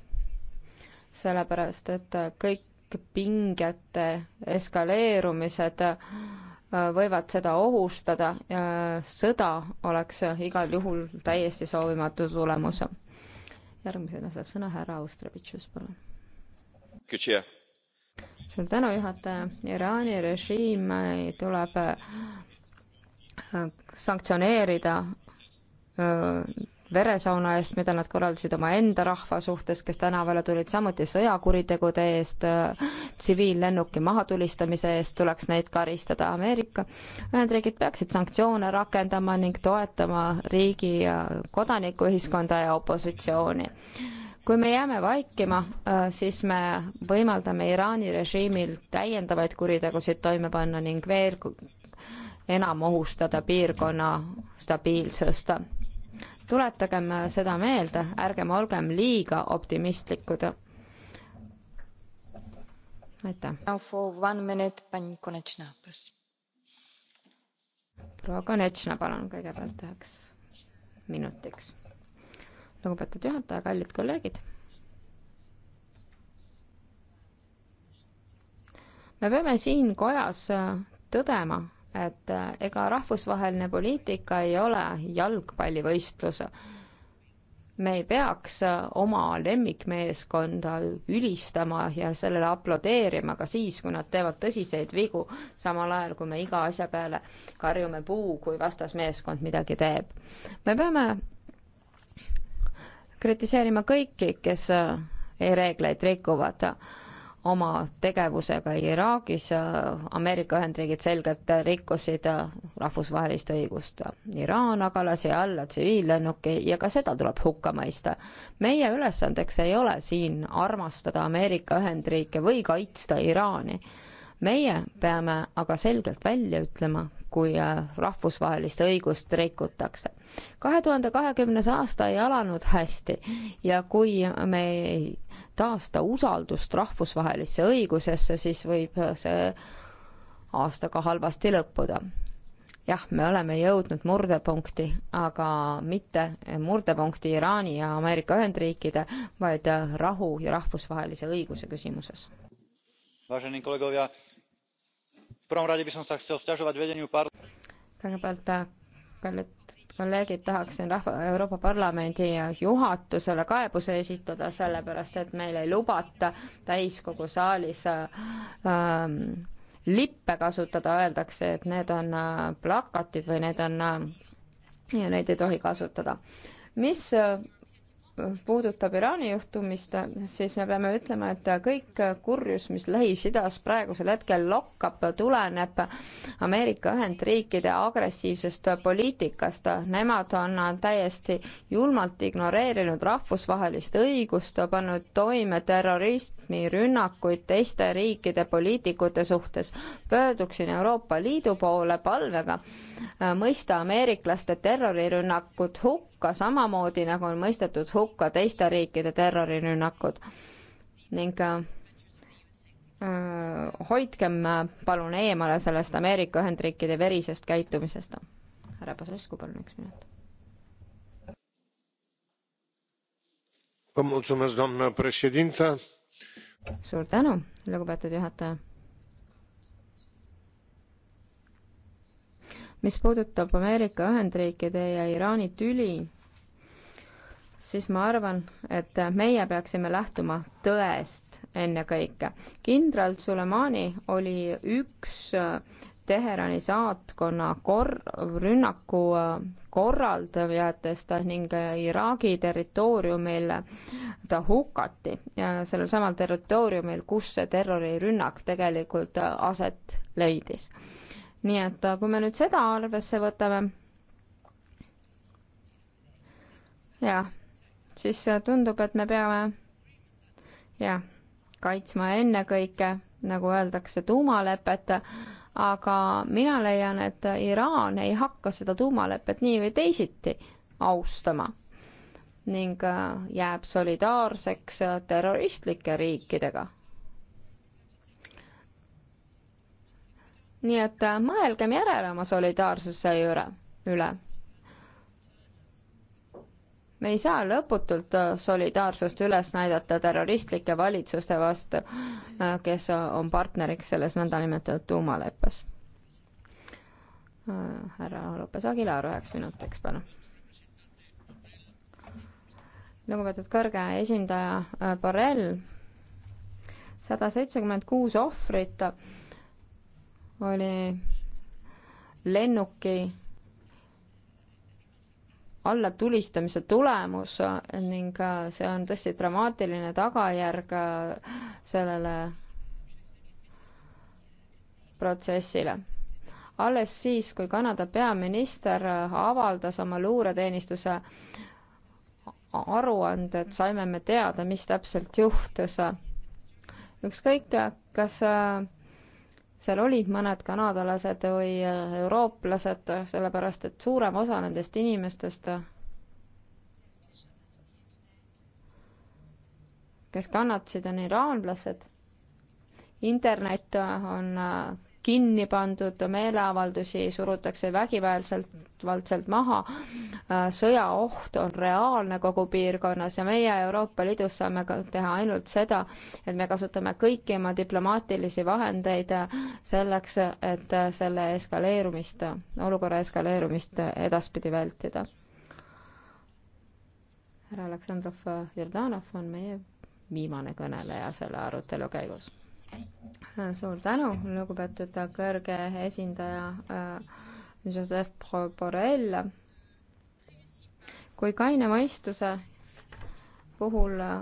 sellepärast et kõik pingete eskaleerumised äh, võivad seda ohustada, sõda oleks igal juhul täiesti soovimatu tulemus. järgmisena saab sõna härra Austrevitšus, palun suur tänu, juhataja. Iraani režiim äh, tuleb äh, sanktsioneerida äh, veresauna eest, mida nad korraldasid omaenda rahva suhtes, kes tänavale tulid, samuti sõjakuritegude eest, tsiviillennuki mahatulistamise eest tuleks neid karistada. Ameerika Ühendriigid peaksid sanktsioone rakendama ning toetama riigi kodanikuühiskonda ja opositsiooni kui me jääme vaikima, äh, siis me võimaldame Iraani režiimil täiendavaid kuritegusid toime panna ning veel enam ohustada piirkonna stabiilsust. tuletagem äh, seda meelde, ärgem olgem liiga optimistlikud. aitäh. proua Konechna, palun kõigepealt üheks minutiks lugupeetud juhataja, kallid kolleegid. me peame siin kojas tõdema, et ega rahvusvaheline poliitika ei ole jalgpallivõistlus. me ei peaks oma lemmikmeeskonda ülistama ja sellele aplodeerima ka siis, kui nad teevad tõsiseid vigu, samal ajal kui me iga asja peale karjume puu, kui vastasmeeskond midagi teeb. me peame kritiseerima kõiki, kes äh, e-reegleid rikuvad oma tegevusega Iraagis. Äh, Ameerika Ühendriigid selgelt rikkusid äh, rahvusvahelist õigust. Iraan aga lasi alla tsiviillennuki ja ka seda tuleb hukka mõista. meie ülesandeks ei ole siin armastada Ameerika Ühendriike või kaitsta Iraani. meie peame aga selgelt välja ütlema, kui äh, rahvusvahelist õigust rikutakse. kahe tuhande kahekümnes aasta ei alanud hästi ja kui me ei taasta usaldust rahvusvahelisse õigusesse, siis võib äh, see aastaga halvasti lõppuda. jah, me oleme jõudnud murdepunkti, aga mitte murdepunkti Iraani ja Ameerika Ühendriikide, vaid äh, rahu ja rahvusvahelise õiguse küsimuses. Vážení kolegovia, prvom rade by som sa chcel sťažovať vedeniu par- kõigepealt kallid kolleegid, tahaksin rahva, Euroopa Parlamendi juhatusele kaebuse esitada, sellepärast et meil ei lubata täiskogu saalis ähm, lippe kasutada, öeldakse, et need on äh, plakatid või need on äh, ja neid ei tohi kasutada. mis äh, puudutab Iraani juhtumist, siis me peame ütlema, et kõik kurjus, mis Lähis-Idas praegusel hetkel lokkab, tuleneb Ameerika Ühendriikide agressiivsest poliitikast. Nemad on täiesti julmalt ignoreerinud rahvusvahelist õigust, pannud toime terrorismirünnakuid teiste riikide poliitikute suhtes. pöörduksin Euroopa Liidu poole palvega mõista ameeriklaste terrorirünnakud hukka hukka samamoodi, nagu on mõistetud hukka teiste riikide terrorirünnakud. ning äh, äh hoidkem äh, palun eemale sellest Ameerika Ühendriikide verisest käitumisest. härra Pasescu, palun üks minut. suur tänu, lugupeetud juhataja mis puudutab Ameerika Ühendriikide ja Iraani tüli, siis ma arvan, et meie peaksime lähtuma tõest ennekõike. kindral Sulemani oli üks äh, Teherani saatkonna kor-, rünnaku äh, korraldajatest ning äh, Iraagi territooriumil ta hukati ja sellel samal territooriumil, kus see terrorirünnak tegelikult aset leidis. nii et kui me nüüd seda arvesse võtame, jah siis äh, tundub, et me peame jah, kaitsma ennekõike, nagu öeldakse, tuumalepet, aga mina leian, et Iraan ei hakka seda tuumalepet nii või teisiti austama ning äh, jääb solidaarseks äh, terroristlike riikidega. nii et mõelgem järele oma solidaarsuse üle, üle me ei saa lõputult äh, solidaarsust üles näidata terroristlike valitsuste vastu, äh, kes äh, on partneriks selles nõndanimetatud tuumaleppes. härra Lopes Agilar üheks minutiks, palun. lugupeetud kõrge esindaja Borrell, sada seitsekümmend kuus ohvrit oli lennuki allatulistamise tulemus ning äh, see on tõesti dramaatiline tagajärg äh, sellele protsessile. alles siis, kui Kanada peaminister äh, avaldas oma luureteenistuse aruanded, saime me teada, mis täpselt juhtus. ükskõik, kas seal olid mõned kanadalased või äh, eurooplased, sellepärast et suurem osa nendest inimestest, kes kannatasid, on iraanlased. internet on äh, kinni pandud, meeleavaldusi surutakse vägivaldselt maha, sõjaoht on reaalne kogu piirkonnas ja meie Euroopa Liidus saame ka teha ainult seda, et me kasutame kõiki oma diplomaatilisi vahendeid selleks, et selle eskaleerumist, olukorra eskaleerumist edaspidi vältida. härra Aleksandrov Jordanov on meie viimane kõneleja selle arutelu käigus suur tänu, lugupeetud kõrge esindaja äh, Joseph Borrell. kui kaine mõistuse puhul äh,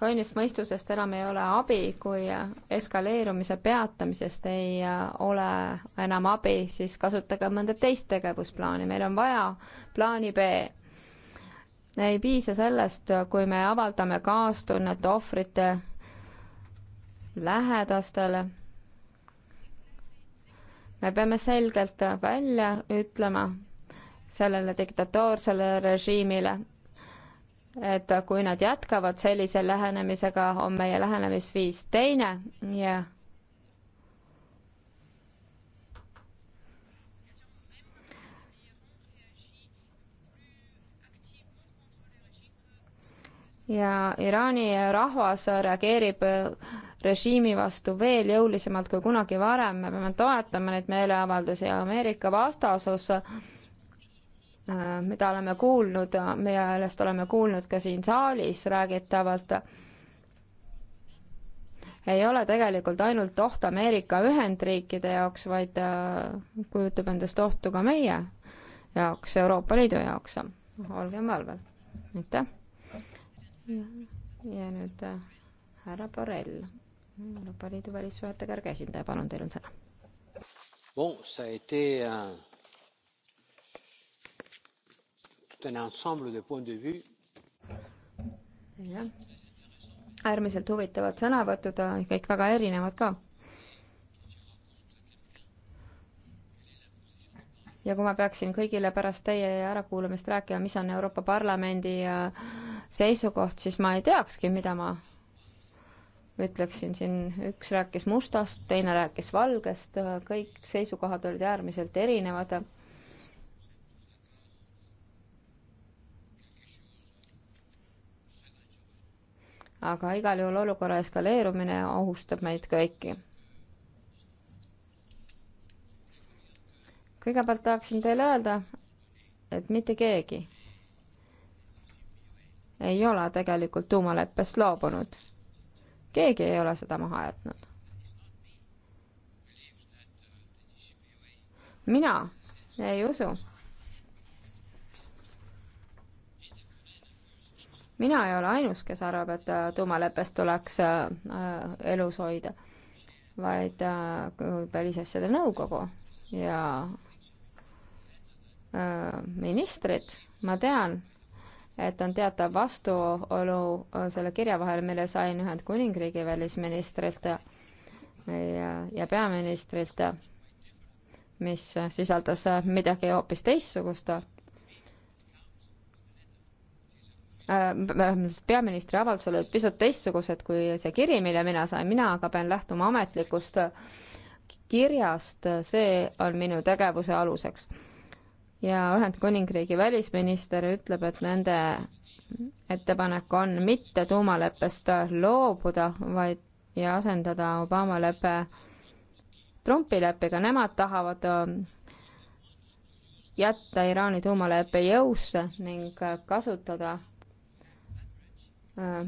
kainest mõistusest enam ei ole abi, kui äh, eskaleerumise peatamisest ei ole enam abi, siis kasutage mõnda teist tegevusplaani, meil on vaja plaani B. ei piisa sellest, kui me avaldame kaastunnet ohvrite lähedastele. me peame selgelt välja ütlema sellele diktatoorsele režiimile, et kui nad jätkavad sellise lähenemisega, on meie lähenemisviis teine ja ja Iraani rahvas reageerib režiimi vastu veel jõulisemalt kui kunagi varem, me peame toetama neid meeleavaldusi ja Ameerika vastasus, äh, mida oleme kuulnud, millest oleme kuulnud ka siin saalis räägitavalt, ei ole tegelikult ainult oht Ameerika Ühendriikide jaoks, vaid äh, kujutab endast ohtu ka meie jaoks, Euroopa Liidu jaoks. olgem valvel. aitäh. ja nüüd äh, härra Borrell Euroopa Liidu välissuhete kõrge esindaja, palun, teil on sõna. Bon, ça a été un, tout un ensemble de points de vue. jah, äärmiselt huvitavad sõnavõtud, kõik väga erinevad ka. ja kui ma peaksin kõigile pärast teie ärakuulamist rääkima, mis on Euroopa Parlamendi äh, seisukoht, siis ma ei teakski, mida ma ütleksin siin, üks rääkis mustast, teine rääkis valgest, kõik seisukohad olid äärmiselt erinevad. aga igal juhul olukorra eskaleerumine ohustab meid kõiki. kõigepealt tahaksin teile öelda, et mitte keegi ei ole tegelikult tuumaleppest loobunud keegi ei ole seda maha jätnud. mina ei usu. mina ei ole ainus, kes arvab, et äh, tuumaleppest tuleks äh, äh, elus hoida, vaid Välisasjade Nõukogu ja ministrid, ma tean, et on teatav vastuolu äh, selle kirja vahel, mille sain Ühendkuningriigi välisministrilt ja, ja peaministrilt, mis sisaldas äh, midagi hoopis teistsugust. Äh, peaministri avaldus oli pisut teistsugused kui see kiri, mille mina sain, mina aga pean lähtuma ametlikust kirjast, see on minu tegevuse aluseks ja Ühendkuningriigi välisminister ütleb, et nende ettepanek on mitte tuumaleppest loobuda, vaid ja asendada Obama lepe Trumpi leppega, nemad tahavad äh, jätta Iraani tuumaleppe jõusse ning äh, kasutada äh,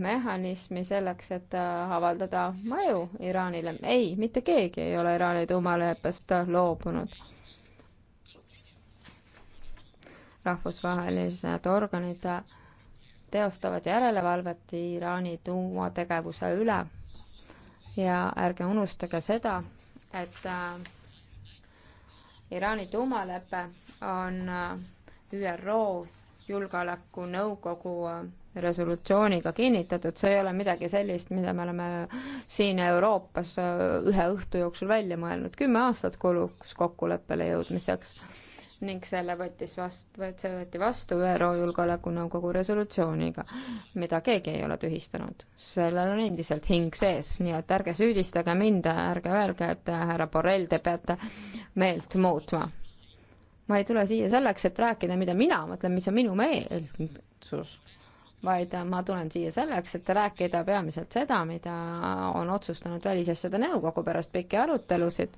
mehhanismi selleks, et avaldada mõju Iraanile. ei, mitte keegi ei ole Iraani tuumaleppest loobunud rahvusvahelised organid teostavad järelevalvet Iraani tuumategevuse üle ja ärge unustage seda, et äh, Iraani tuumalepe on äh, ÜRO Julgeolekunõukogu äh, resolutsiooniga kinnitatud, see ei ole midagi sellist, mida me oleme siin Euroopas ühe õhtu jooksul välja mõelnud, kümme aastat kuluks kokkuleppele jõudmiseks ning selle võttis vastu, see võeti vastu ÜRO Julgeolekunõukogu resolutsiooniga, mida keegi ei ole tühistanud. sellel on endiselt hing sees, nii et ärge süüdistage mind, ärge öelge, et härra Borrell, te peate meelt muutma. ma ei tule siia selleks, et rääkida, mida mina mõtlen, mis on minu meelsus, vaid ma tulen siia selleks, et rääkida peamiselt seda, mida on otsustanud Välisasjade Nõukogu pärast pikki arutelusid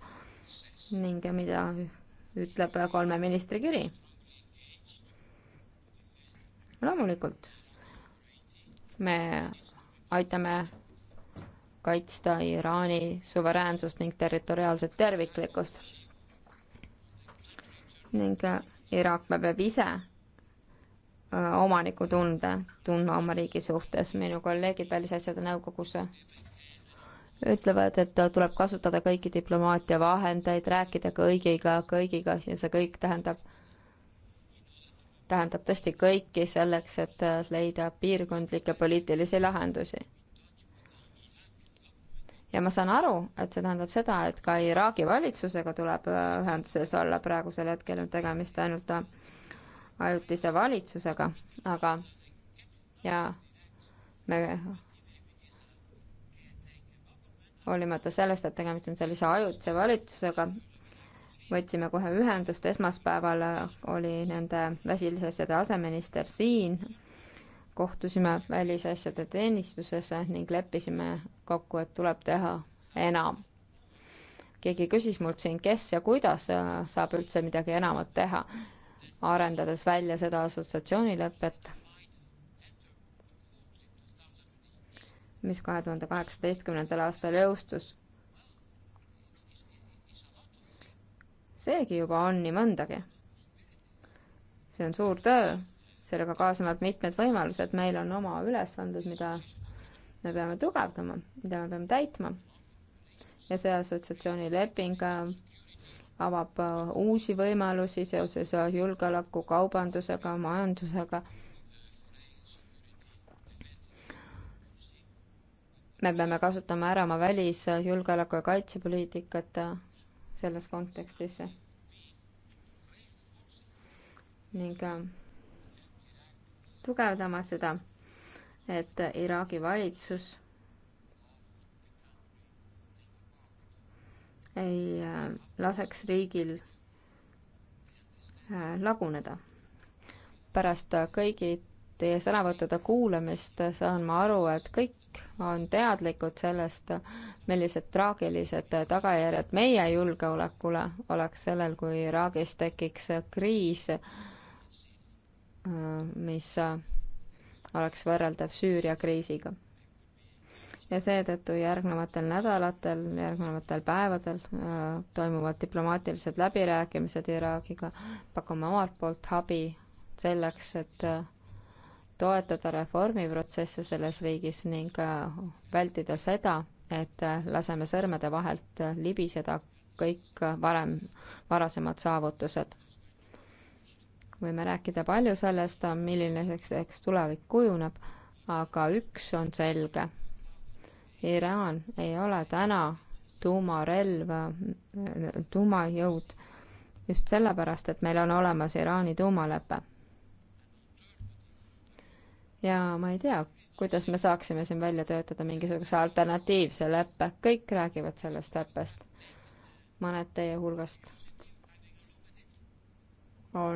ning mida ütleb kolme ministri kiri. loomulikult me aitame kaitsta Iraani suveräänsust ning territoriaalset terviklikkust. ning äh, Iraak peab ise äh, omanikutunde tundma oma riigi suhtes. minu kolleegid Välisasjade Nõukogus ütlevad, et tuleb kasutada kõiki diplomaatia vahendeid, rääkida kõigiga, kõigiga ja see kõik tähendab, tähendab tõesti kõiki selleks, et leida piirkondlikke poliitilisi lahendusi. ja ma saan aru, et see tähendab seda, et ka Iraagi valitsusega tuleb ühenduses olla, praegusel hetkel on tegemist ainult ajutise valitsusega, aga ja me hoolimata sellest, et tegemist on sellise ajutise valitsusega, võtsime kohe ühendust, esmaspäeval oli nende välisasjade aseminister siin, kohtusime välisasjade teenistuses ning leppisime kokku, et tuleb teha enam. keegi küsis mult siin, kes ja kuidas saab üldse midagi enamat teha, arendades välja seda assotsiatsioonilepet mis kahe tuhande kaheksateistkümnendal aastal jõustus. seegi juba on nii mõndagi. see on suur töö, sellega kaasnevad mitmed võimalused, meil on oma ülesanded, mida me peame tugevdama, mida me peame täitma. ja see assotsiatsioonileping äh, avab äh, uusi võimalusi seoses äh, julgeoleku, kaubandusega, majandusega me peame kasutama ära oma välis-, julgeoleku- ja kaitsepoliitikat selles kontekstis. ning äh, tugevdama seda, et Iraagi valitsus ei äh, laseks riigil äh, laguneda. pärast kõigi teie sõnavõttude kuulamist saan ma aru, et kõik on teadlikud sellest, millised traagilised tagajärjed meie julgeolekule oleks sellel, kui Iraagis tekiks kriis, mis oleks võrreldav Süüria kriisiga. ja seetõttu järgnevatel nädalatel, järgnevatel päevadel äh, toimuvad diplomaatilised läbirääkimised Iraagiga, pakume omalt poolt abi selleks, et äh, toetada reformiprotsesse selles riigis ning äh, vältida seda, et äh, laseme sõrmede vahelt libiseda kõik äh, varem, varasemad saavutused. võime rääkida palju sellest, milline eks, eks tulevik kujuneb, aga üks on selge. Iraan ei ole täna tuumarelv, tuumajõud just sellepärast, et meil on olemas Iraani tuumalepe ja ma ei tea, kuidas me saaksime siin välja töötada mingisuguse alternatiivse leppe, kõik räägivad sellest leppest, mõned teie hulgast